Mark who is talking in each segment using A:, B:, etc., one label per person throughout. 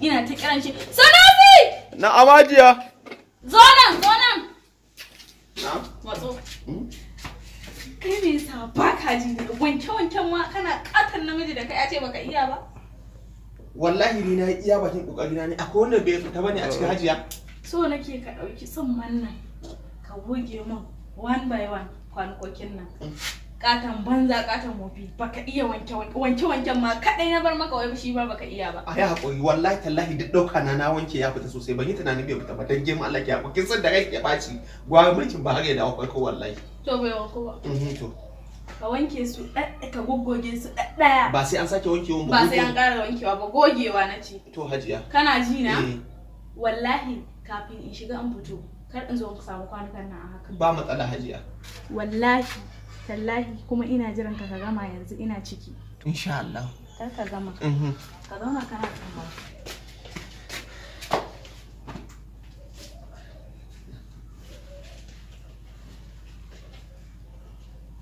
A: ina ta kiran shi Sanofi
B: na amajiya
A: zo nan zo nan na matso hmm? kai me yasa ba ka ji wanke wanken ma kana katan namiji da kai a ce baka iya ba
B: wallahi ni na iya bakin kokari na ne akwai wanda bai fita bane a cikin hajiya
A: so nake ka dauki son man ka goge min one by one kwanukokin nan hmm. katon banza katon wofi baka iya wanke wanke wanken ma kadai na bar maka wai shi ba baka iya ba ai
B: hakuri wallahi tallahi duk dauka na na wanke ya fita sosai ban yi tunanin bai fita ba dan gemu Allah ya hakuri Kisan da kake baci gwa gwamnatin ba har ya dawo farko wallahi
A: to bai wanko ba mhm, to ka wanke su ka goggoge su ɗaya
B: ba sai an sake wankewa ba ba sai an
A: ƙara wankewa ba gogewa na ce to hajiya kana ji na eh. wallahi kafin in shiga in fito kar in zo ka samu kwanukan nan a haka
B: ba matsala hajiya
A: wallahi Tallahi kuma ina jiran ka ka gama yanzu ina ciki.
B: Insha Allah. Kar ka gama. Mhm.
A: Ka zauna kana tsamba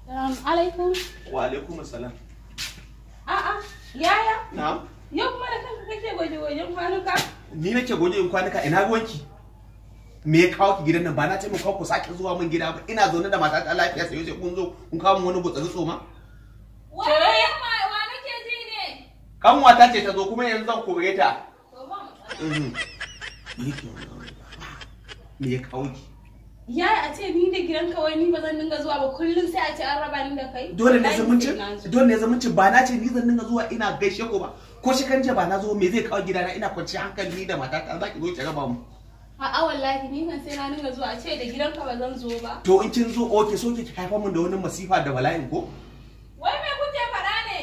A: Salamu alaikum.
B: Wa alaikum salam.
A: A'a, yaya? Na'am. Yau kuma da kanka kake goge gojen kwanuka?
B: Ni nake goge gojen kwanuka ina ruwanki? me ya kawo ki gidan nan ba na ce kawo ku sake zuwa min gida ba ina zaune da matata lafiya sai sai kun zo kun kawo min wani gutsari tsoma
A: wa wa nake ji ne
B: kan wata ce ta zo kuma yanzu zan kore ta mhm. me ya kawo ki
A: ya a ce ni da gidan kawai ni ba zan dinga zuwa ba kullum sai a ce an raba ni da kai dole ne zumunci dole
B: ne zumunci ba na ce ni zan dinga zuwa ina gaishe ko ba ko shi kanje ba na zo me zai kawo gidana ina kwanci hankali ni da matata za ki zo ki raba mu
A: A'a wallahi ni kan sai na nuna zuwa a ce da gidanka ba zan zo ba.
B: To in kin zo oke so ki haifar mun da wani masifa da bala'in ko?
A: Wai me kuke faɗa ne?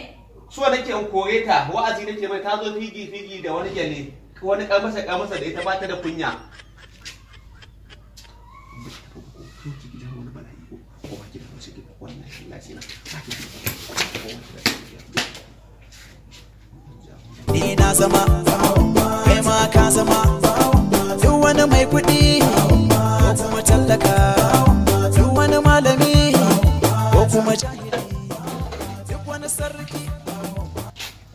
B: So nake in kore ta wa'azi nake mai ta zo figi figi da wani gyale wani kalmasa kalmasa da ita ba ta da kunya. Ni eh, na zama, kai ma ka zama. wani mai kuɗi ko kuma tallaka duk wani malami ko kuma duk wani sarki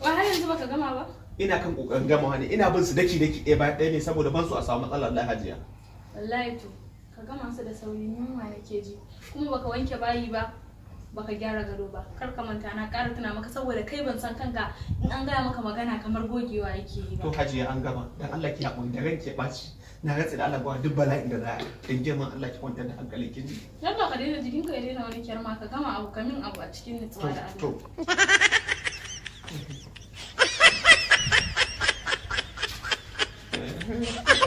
A: ba har yanzu baka gama ba
B: ina kan kokarin gama ne ina bin su daki daki eh, ɗaya bayan ɗaya ne saboda ban su a samu matsalar lahajiya
A: wallahi to ka gama su da sauri ma nake ji kuma baka wanke bayi ba baka gyara gado ba kar ka manta na ƙara tuna maka saboda kai ban san kanka in an gaya maka magana kamar gogewa yake yi ba to
B: hajiya an gama dan Allah ki hakuri da ranke baci na ratsi da Allah ba duk bala'in da za a dan girman Allah ki kwanta da hankalin kin
A: yalla ka daina jikin ka ya daina wani kyar ma ka gama abu kamin abu a cikin nutsuwa da Allah to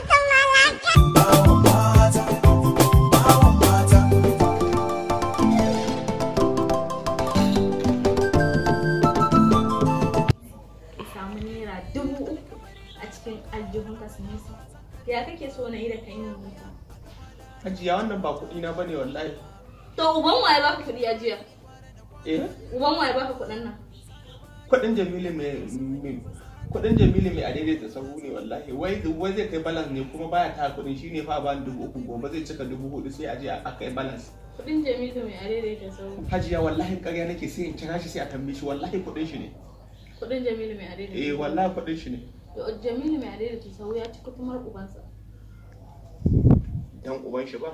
A: cikin aljihunka su nisa ya kake so na yi da kai yanzu
B: ajiya wannan ba kuɗi na bane wallahi
A: to uban waye baka kuɗi ajiya eh uban waye baka kuɗin nan
B: kuɗin jamilu mai kuɗin jamilu mai adaidai da sahu ne wallahi wai wai zai kai balance ne kuma baya ta kuɗin shine fa ba dubu uku gobe zai cika dubu hudu sai je a kai balance
A: kuɗin jamilu mai adaidai da sahu hajiya wallahi
B: ƙarya nake sai in kira shi sai a tambaye shi wallahi kuɗin shi ne
A: kuɗin jamilu mai adaidai eh
B: wallahi kuɗin shi ne
A: jamilu mai arewa adaidaita sau ya cika kuma ubansa
B: dan uban shi ba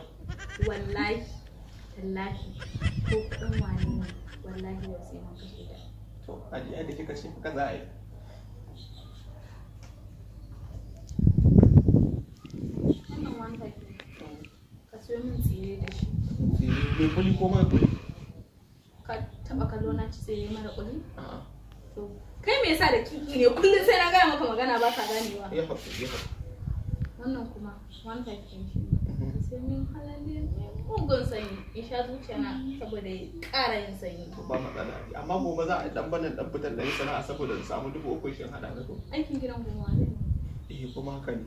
A: wallahi tallahi ko kan wani ne wallahi yau
B: sai mun kashe da to ajiya da kika ce haka za a yi wannan wanda ke ka siyo min tsire da shi tsire mai kuli ko mara kuli
A: ka taba kallo na ci tsire mara kuli a'a kai me yasa da kiki ne kullum sai na gaya maka magana ba ka ganewa
B: ya haƙuri ya haƙuri
A: wannan kuma one type ɗin shi sai min halalin mugun sanyi in sha zuciya na saboda ya ƙara yin sanyi ba
B: matsala amma gobe za a dan banan dan fitar da yin sana'a saboda in samu dubu uku shin hada da
A: aikin gidan goma ne
B: eh kuma haka ne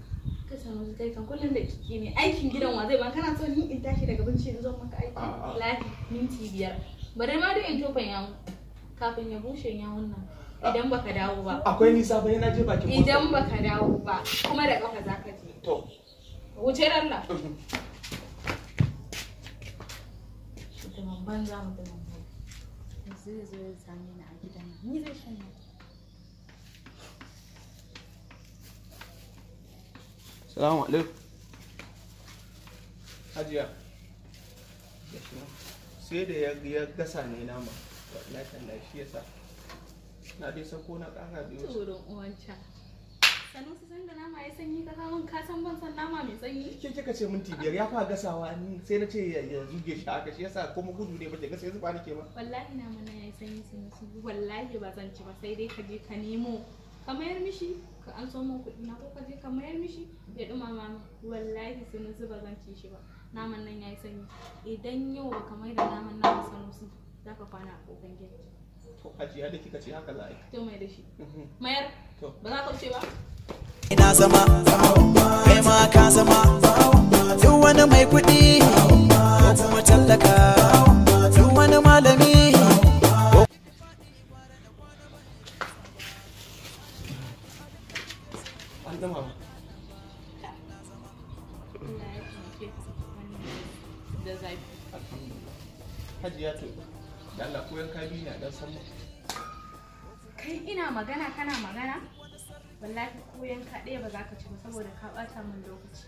A: ka samu zuciya kan kullum da kiki ne aikin gidan wa zai ban kana so ni in tashi daga bincin in zo maka aiki lafi minti biyar bare ma duk in tofan yamu kafin ya bushe ya wannan
B: idan baka dawo ba akwai nisa ba yana je bakin
A: idan baka dawo ba kuma da kafa zaka je
B: to wuce Allah mhm.
A: mutumin banza zai zo ya a gidan ni zai shanya
B: Salamu alaikum. Hajiya. Sai da ya gasa ne nama. wallahi tallahi shi yasa na dai sako na ƙara biyu tsoron
A: uwanca sannan su san da nama ya sanyi ka kawo ka san ban san nama mai sanyi ke kika
B: ce min tibiyar ya fara gasawa sai na ce ya zuge shi haka shi yasa kuma gudu ne bace gasa zuba nake ba
A: wallahi na mana ya sanyi sun wallahi ba zan ci ba sai dai ka je ka nemo ka mayar mishi ka an so min kuɗi na ko ka je ka mayar mishi ya dumama min wallahi sun su ba zan ci shi ba naman nan yi sanyi idan yau ba ka mai da naman nan sanusi za ka kwana a kofan
B: to ajiya da kika ce haka za a yi to mai da shi mhm. mayar ba za ka wuce ba ina zama kai ma ka zama duk wani mai kuɗi ko kuma tallaka duk wani malami Hajiya to Allah ko yanka biyu dan san
A: Kai ina magana kana magana? Wallahi ko ka ɗaya ba za ka ci ba saboda ka ɓata min lokaci.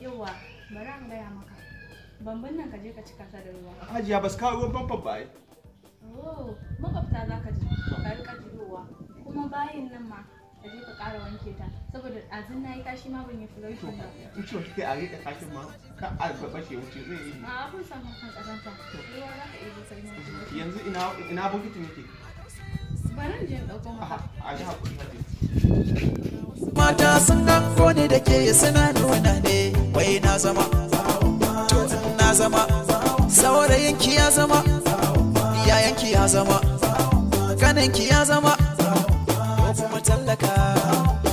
A: yawa bari an gaya maka. Bambun nan ka je ka ci kasa da ruwa.
B: Hajiya ba su kawo ruwan famfon ba ai.
A: Oh, makwabta za ka ji, ka riƙa jirowa. Kuma bayin nan ma ka ka ƙara wanke ta a rika
B: eh, Mata sun kone da ke suna nuna ne wai na zama. na zama. Saurayin ya zama. Yayan ki ya zama. Kanin ki ya zama. Saka.